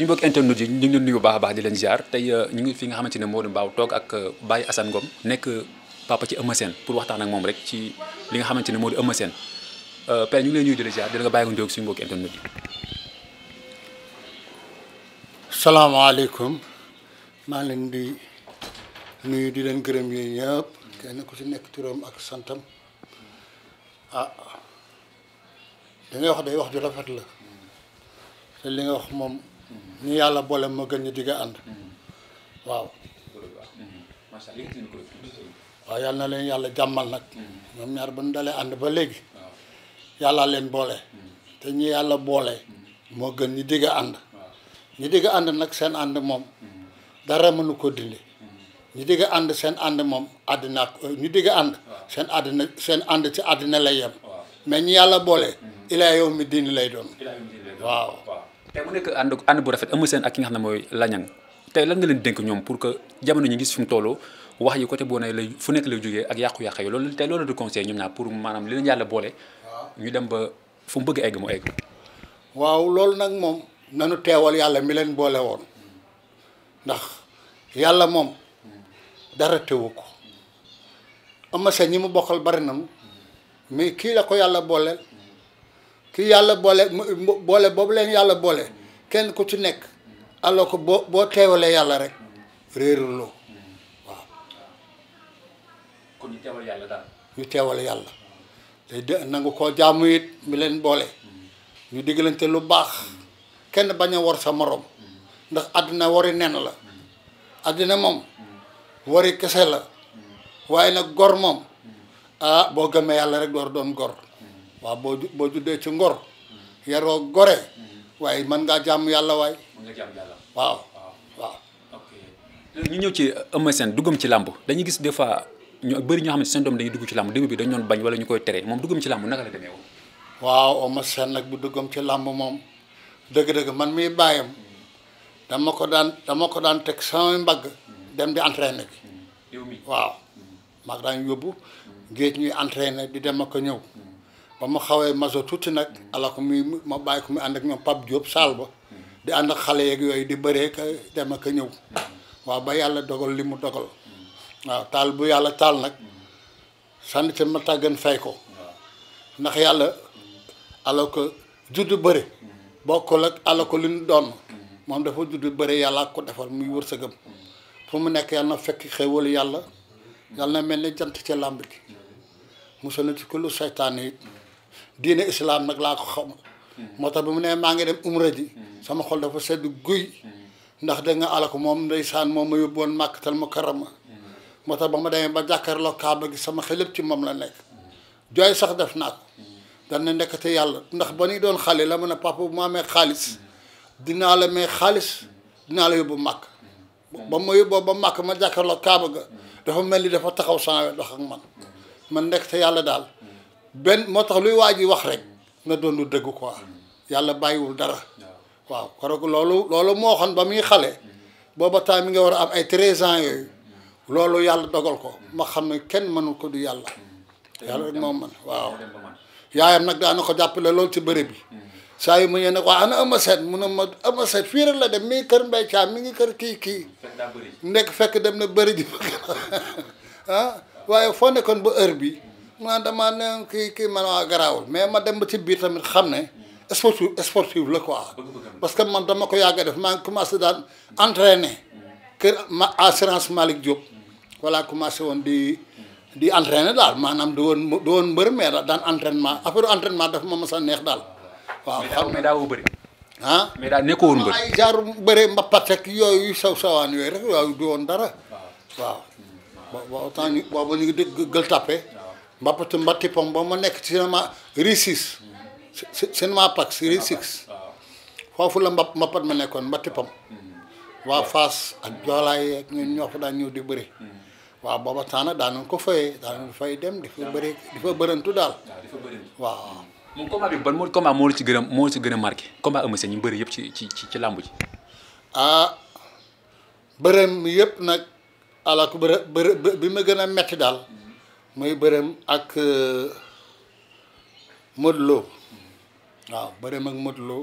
suñu bokk internet yi ñu ngi leen nuyu baax a baax di leen ziar tey euh, ñu ngi fi nga xamante ne moo di mbaaw toog ak euh, Baye Assane Ngom nekk papa ci Eumeu Sène pour waxtaan ak moom rek ci li nga xamante ne moo di Eumeu Sène euh, père ñu ngi leen nuyu di leen ziar di la nga bàyyi ko ndoog suñu bokk internet yi. salaamaaleykum maa ngi leen di nuyu di leen gërëm yi ñëpp kenn ku ci nekk turam ak santam ah wax day wax ju rafet la te li nga wax moom. ñu yàlla boole moo gën ñu digg ànd waaw waaw yal na leen yàlla jàmmal nag mm-hmm. ñoom ñaar ba ñu dalee ànd ba léegi yàlla leen boole mm-hmm. te ñi yàlla boole mm-hmm. moo gën ñi digg ànd ñi digg ànd nag seen ànd moom dara mënu ko dindi ñi digg ànd seen ànd moom àddina ak ñi digg ànd seen àddina seen ànd ci àddina lay yem mais ñi yàlla boole ilaa yow mi diin lay doon waaw tey mu nekk ànd ànd bu rafet Eumeu Sène ak ki nga xam ne mooy Lagnang te lan nga leen dénk ñoom pour que jamono ñu gis fi mu toll wax yi côté boo ne lay fu nekk lay jógee ak yàqu-yàq yi loolu tey loolu du conseil ñoom ñaar pour maanaam li ñu dem ba fu mu bëgg egg mu egg waaw loolu nag moom nanu teewal yàlla mi leen boole woon ndax yàlla moom dara tewu ko Eumeu Sène ñi mu bokkal bari nañu mais kii la ko yàlla booleel ki yàlla boole boole boobu leen yàlla boole kenn ku ci nekk alors ko boo boo teewalee yàlla rek réeruloo waaw. kon ñu teewal yàlla ñu teewal yàlla day de nangu koo jàmm yit mi leen boole ñu digalante lu baax kenn bañ a war sa moroom ndax àddina wari nen la àddina moom wari kese la waaye nag gor moom ah boo gëmee yàlla rek door doon gor. waaw boo boo juddee ci ngor yaroo gore mm-hmm. waaye mën ngaa jàmm yàlla waay mën nga jàmm waaw waaw ñu ñëw ci euh, Eumeu Sène duggam ci làmb dañuy gis des fois ñu bëri ñoo xam ne seen doom dugg ci làmb début bi dañu doon bañ wala ñu koy tere moom duggam ci làmb naka la demee woon waaw Eumeu nag bu duggam ci làmb moom dëgg-dëgg man miy bàyyam mm-hmm. dama ko daan dama ko daan teg sama mbagg mm-hmm. dem di entraîner bi waaw mag daan yóbbu géej ñuy entraîner di dem a ko ñëw ba mu xawee maso tuuti nag ala ko muy ma bàyyi ko muy ànd ak ñoom Pape Diop saal ba di ànd xale yeeg yooyu di bëree ka dem ak a ñëw waaw ba yàlla dogal li mu dogal waaw taal bu yàlla taal nag sànni ca ma tàggan fay ko ndax yàlla alors que judd bëre bokkul ak ala ko li ñu doon moom dafa judd bëre yàlla ak ko defal muy wërsëgam fu mu nekk yàlla na fekk xéwal yàlla yàlla na mel ni jant ci làmb ji musal na ci seytaane it diine islam nag laa ko xam. moo tax bi mu ne maa ngi dem umra ji. sama xol dafa sedd guy. ndax da nga ko moom saan moom ma yóbbu woon màkkatal mu karama. ba ma demee ba jàkkaarloo kaaba gi sama xel ci moom la nekk. jooy sax def naa ko. dana nekkate yàlla ndax ba ñuy doon xale la mën a papa bu amee xaalis. dinaa la may xaalis dinaa la yóbbu màkk. ba ma yóbboo ba màkk ma jàkkaarloo kaaba ga. dafa mel ni dafa taxaw sama wet wax ak man. man nekkate yàlla daal. benn moo tax luy waa ji wax rek nga doon lu dëgg ko yàlla bàyyiwul dara waaw koroog loolu loolu moo xam ba muy xale booba temps mi nga war a am ay treize ans yooyu yàlla dogal ko ma xam ne kenn mënul ko du yàlla yàlla rek moom man waaw yaayam nag daana ko jàppale loolu ci bëre bi mm-hmm. saa yu mu ñëwee nag waa ana ama set mun a ma ama set fii rek la dem mi kër Mbaye Thiam mi ngi kër kii kii nekk fekk dem na bari ji ah, waaye foo nekkoon ba heure bi ma dama ne mais ma dem ba ci biir tamit xam ne sportif sportif la quoi parce que man dama ko yàgg def maa ngi commencé daan entraîner kër ma assurance Malick Diop voilà commencé woon di di entraîner daal maanaam du woon du woon mbër mais daan entraînement affaire entraînement daf ma mos a neex daal waaw xam mais daawoo bëri ah mais daal nekkoo woon bëri ay jaar bëri mbappat ak yooyu saw sawaan yooyu rek yooyu du woon dara waaw boobu temps ñu boobu ngi dégg gël tàppe mbappatu mbatti pom ba ma nekk ci cinéma Risis cinéma Pax Risis foofu la mbapp mbappat ma nekkoon mbatti pom mm-hmm. waa Fass ak joolaay yeeg ñun ñoo fa daan ñëw di bëri mm-hmm. waaw booba taana daanoon ko fayee daanoon fay dem di fa bëri di fa bërantu daal waaw moom combat bi ban moo combat moo la gën a moo la ci gën a marqué ñu bëri yëpp ci ci ci làmb ji ah bërëm yëpp nag ala ko bërë bi ma gën a metti daal muy bërëm ak euh, Modou Lo waaw bërëm ak Modou Lo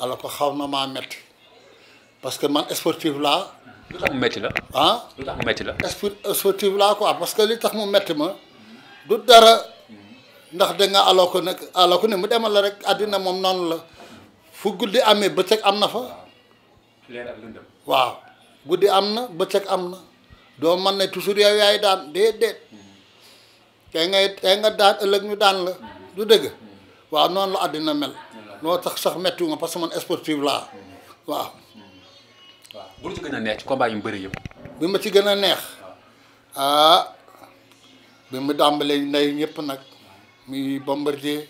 ala ko xaw na maa metti parce que man sportif laa. lu tax mu metti la. ah lu tax mu metti la. sportif laa quoi parce que li tax mu metti ma du dara ndax da nga aloo ko nag aloo ko ne mu demal la rek àddina moom noonu la fu guddi amee bëccëg am na fa. leer waaw guddi am na bëccëg am na doo man ne toujours yaay daan déedéet. tey ngay nga daan ëllëg ñu daan la du dëgg waaw noonu la àddina mel noo tax sax méttiwu ma parce que man sportif laa waaw. waaw bu ñu ci yëpp. ma ci gën a neex ah, bi mu dàmbalee ndey ñëpp nag muy bombardier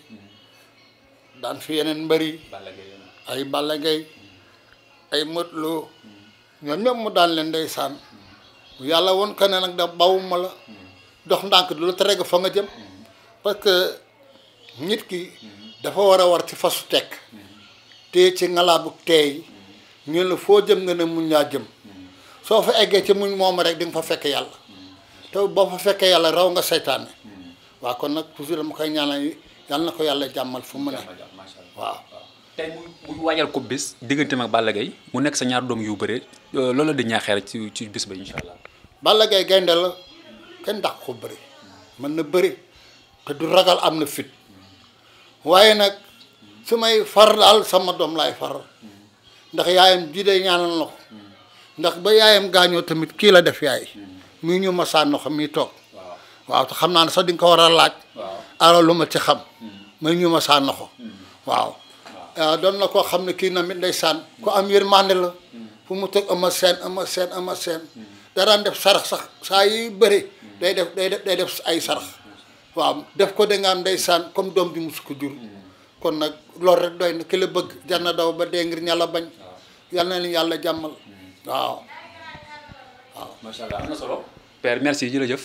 daan fi yeneen mbëri ay Balla Gaye ay Modou Lo ñoom ñëpp mu daan leen ndeysaan yàlla woon ka ne nag da bawuma la. dox ndànk du la tere fa nga jëm parce que nit ki dafa war a war ci fasu tek te ci ngalaabu teey ñu la foo jëm nga ne muñ laa jëm soo fa eggee ci muñ moom rek di nga fa fekk yàlla te boo fa fekkee yàlla raw nga seytaane waaw kon nag toujours dama koy ñaanal yàlla na ko yàlla jàmmal fu mu ne waaw. tey muy ko bis digganteem ak Balla mu nekk sa ñaar doom yu bëre loolu la di ñaaxee ci ci bis ba incha allah. Balla gaynde la kenn dàq ko bëri mën na bëri te du ragal am na fit waaye nag su may far daal sama doom laay far ndax yaayam ji day ñaanal na ko ndax ba yaayam gaañoo tamit kii la def yaay muy ñu masaan no xam mi toog waaw te xam naa ne sax dinga ko war a laaj alors lu ma ci xam mm. muy ñu masaan no ko mm. waaw ah, doon na koo xam ne kii na mit ndeysaan ku am yërmande la mm. fu mu teg ama seen ama seen ama seen daraan def sarax sax saa yi bëri day def day def day def ay sarax waaw def ko da nga am ndeysaan comme doom di mus ko jur kon nag lool rek doy na ki bëgg jar daw ba dee ngir ñala bañ yal na leen yàlla jàmmal waaw waaw solo père merci yàlla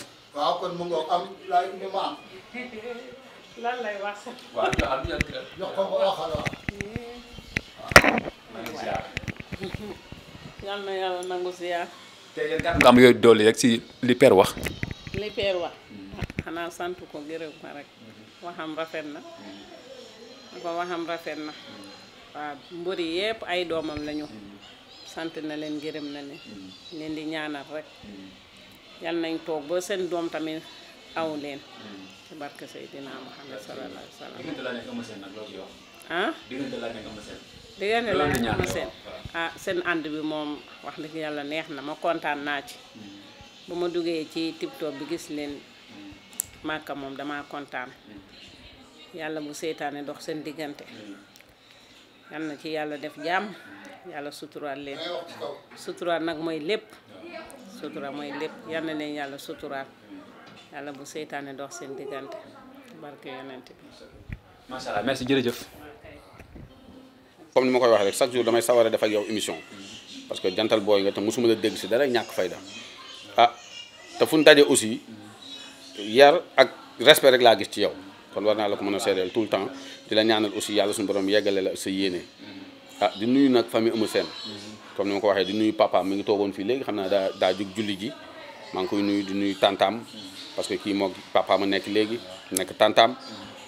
te yéen nga am yooyu doole rek si li wax. li père wax xanaa sant ko gërëm ko rek waxam rafet na ko waxam rafet na waaw mbëri yëpp ay doomam lañu sant na leen gërëm na leen leen di ñaanal rek yal nañ toog ba seen doom tamit aw leen ci barke Seydina Muhammad sallallahu alayhi wa sallam. ah diggante la ak Eumeu Sène ah seen ànd bi moom wax dëgg yàlla neex na ma kontaan naa ci mm. bu ma duggee ci TikTok bi gis leen mm. màkka moom damaa kontaan mm. yàlla bu seytaane ndox seen diggante yal na ci yàlla def jàmm yàlla suturaal nag mooy lépp mooy lépp na leen yàlla suturaal yàlla bu seytaane dox seen diggante barke yonent bi comme ni ma koy waxee rek chaque a def ak yow parce que jantal booy nga te mosuma la dégg si dara ñàkk fayda ah te fu ñu daje aussi yar ak respect rek laa gis ci yow kon war naa la ko mën a seedeel tout le temps di la ñaanal aussi yàlla suñu borom yeggale sa yéene ah di nuyu nag famille Eumeu Sène comme ni ma ko waxee di nuyu papa mi ngi toogoon fii léegi xam naa daa daa jug julli ji maa ngi koy nuyu di nuyu tantaam parce que kii moog papa ma nekk léegi nekk tantaam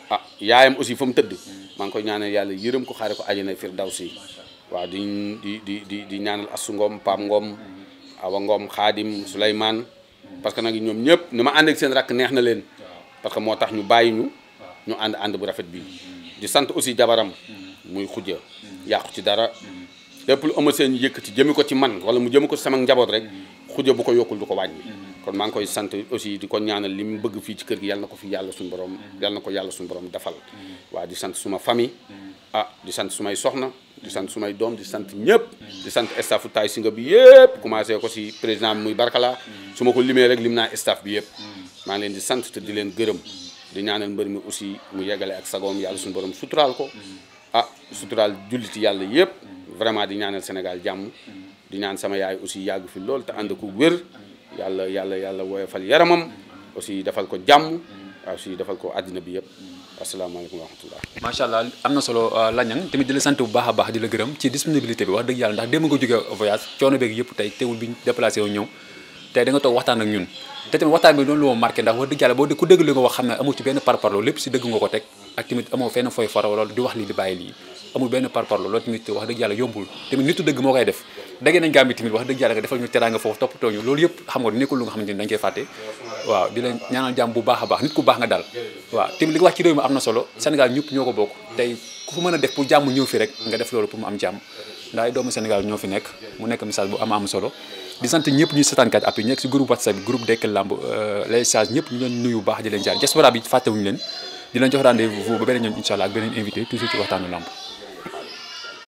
ah yaayam aussi fa mu tëdd maa ngi koy ñaanal yàlla yërëm ko xaare ko àjjana firdawsi waaw di di di di ñaanal Assu Ngom Pape Ngom Awa Ngom Xaadim Souleymane parce que nag ñoom ñëpp ni ma àndeek seen rakk neex na leen parce que moo tax ñu bàyyi ñu ñu ànd ànd bu rafet bi di sant aussi jabaram muy xujja yàqu ci dara lépp lu ëma seen yëkkati jëmi ko ci man wala mu jëmi ko ci njaboot rek xujja bu ko yokkul du ko wàññi kon maa ngi koy sant aussi di ko ñaanal li mu bëgg fii ci kër gi yal na ko fi yàlla suñu borom yal na ko yàlla suñu borom defal waa di sant suma famille ah di sant sumay soxna di sant sumay doom di sant ñëpp di sant staffu Tay Shinger bi yëpp commencé ko si président muy Barkala su ma ko limee rek lim naa staff bi yëpp maa ngi leen di sant te di leen gërëm di ñaanal mbër mi aussi mu yeggale ak sagoom yàlla suñu borom suturaal ko ah suturaal julliti yàlla yëpp vraiment di ñaanal Sénégal jàmm di ñaan sama yaay aussi yàgg fi lool te ànd ko wér yàlla yàlla yàlla woyofal yaramam aussi defal ko jàmm aussi defal ko àddina bi yëpp asalaamaaleykum wa rahmatullah macha allah am na solo euh, lañan tamit di la sant bu baax a baax di la gërëm ci disponibilité bi wax dëgg yàlla ndax démb nga jóge voyage coono beeg yëpp tey teewul bi déplacé wu ñëw tey da nga toog waxtaan ak ñun te tamit waxtaan bi doon lu ma marqué ndax wax dëgg yàlla boo ku dégg li nga wax xam ne amoo ci benn parparloo lépp amul benn parparlo loolu tamit wax dëgg yàlla yombul tamit nitu dëgg moo koy def dagee nañ Gàmbi tamit wax dëgg yàlla nga defal ñu teraanga foofu toppatoo ñu bu baax a baax nit ku baax nga daal waaw ñëpp ñoo ko bokk tey a def pour jàmm ñëw fi rek nga def loolu pour mu am jàmm ndax ay doomu Sénégal ñoo fi nekk mu nekk message bu am am solo di sant ñëpp ñuy setaan kat appui nekk si groupe WhatsApp groupe Dekkal Lamb euh, les sages ñëpp ñu leen nuyu baax di leen jaar diaspora bi fàttewuñu leen di leen jox rendez-vous ba beneen ñoom incha allah ak beneen invité toujours ci waxtaanu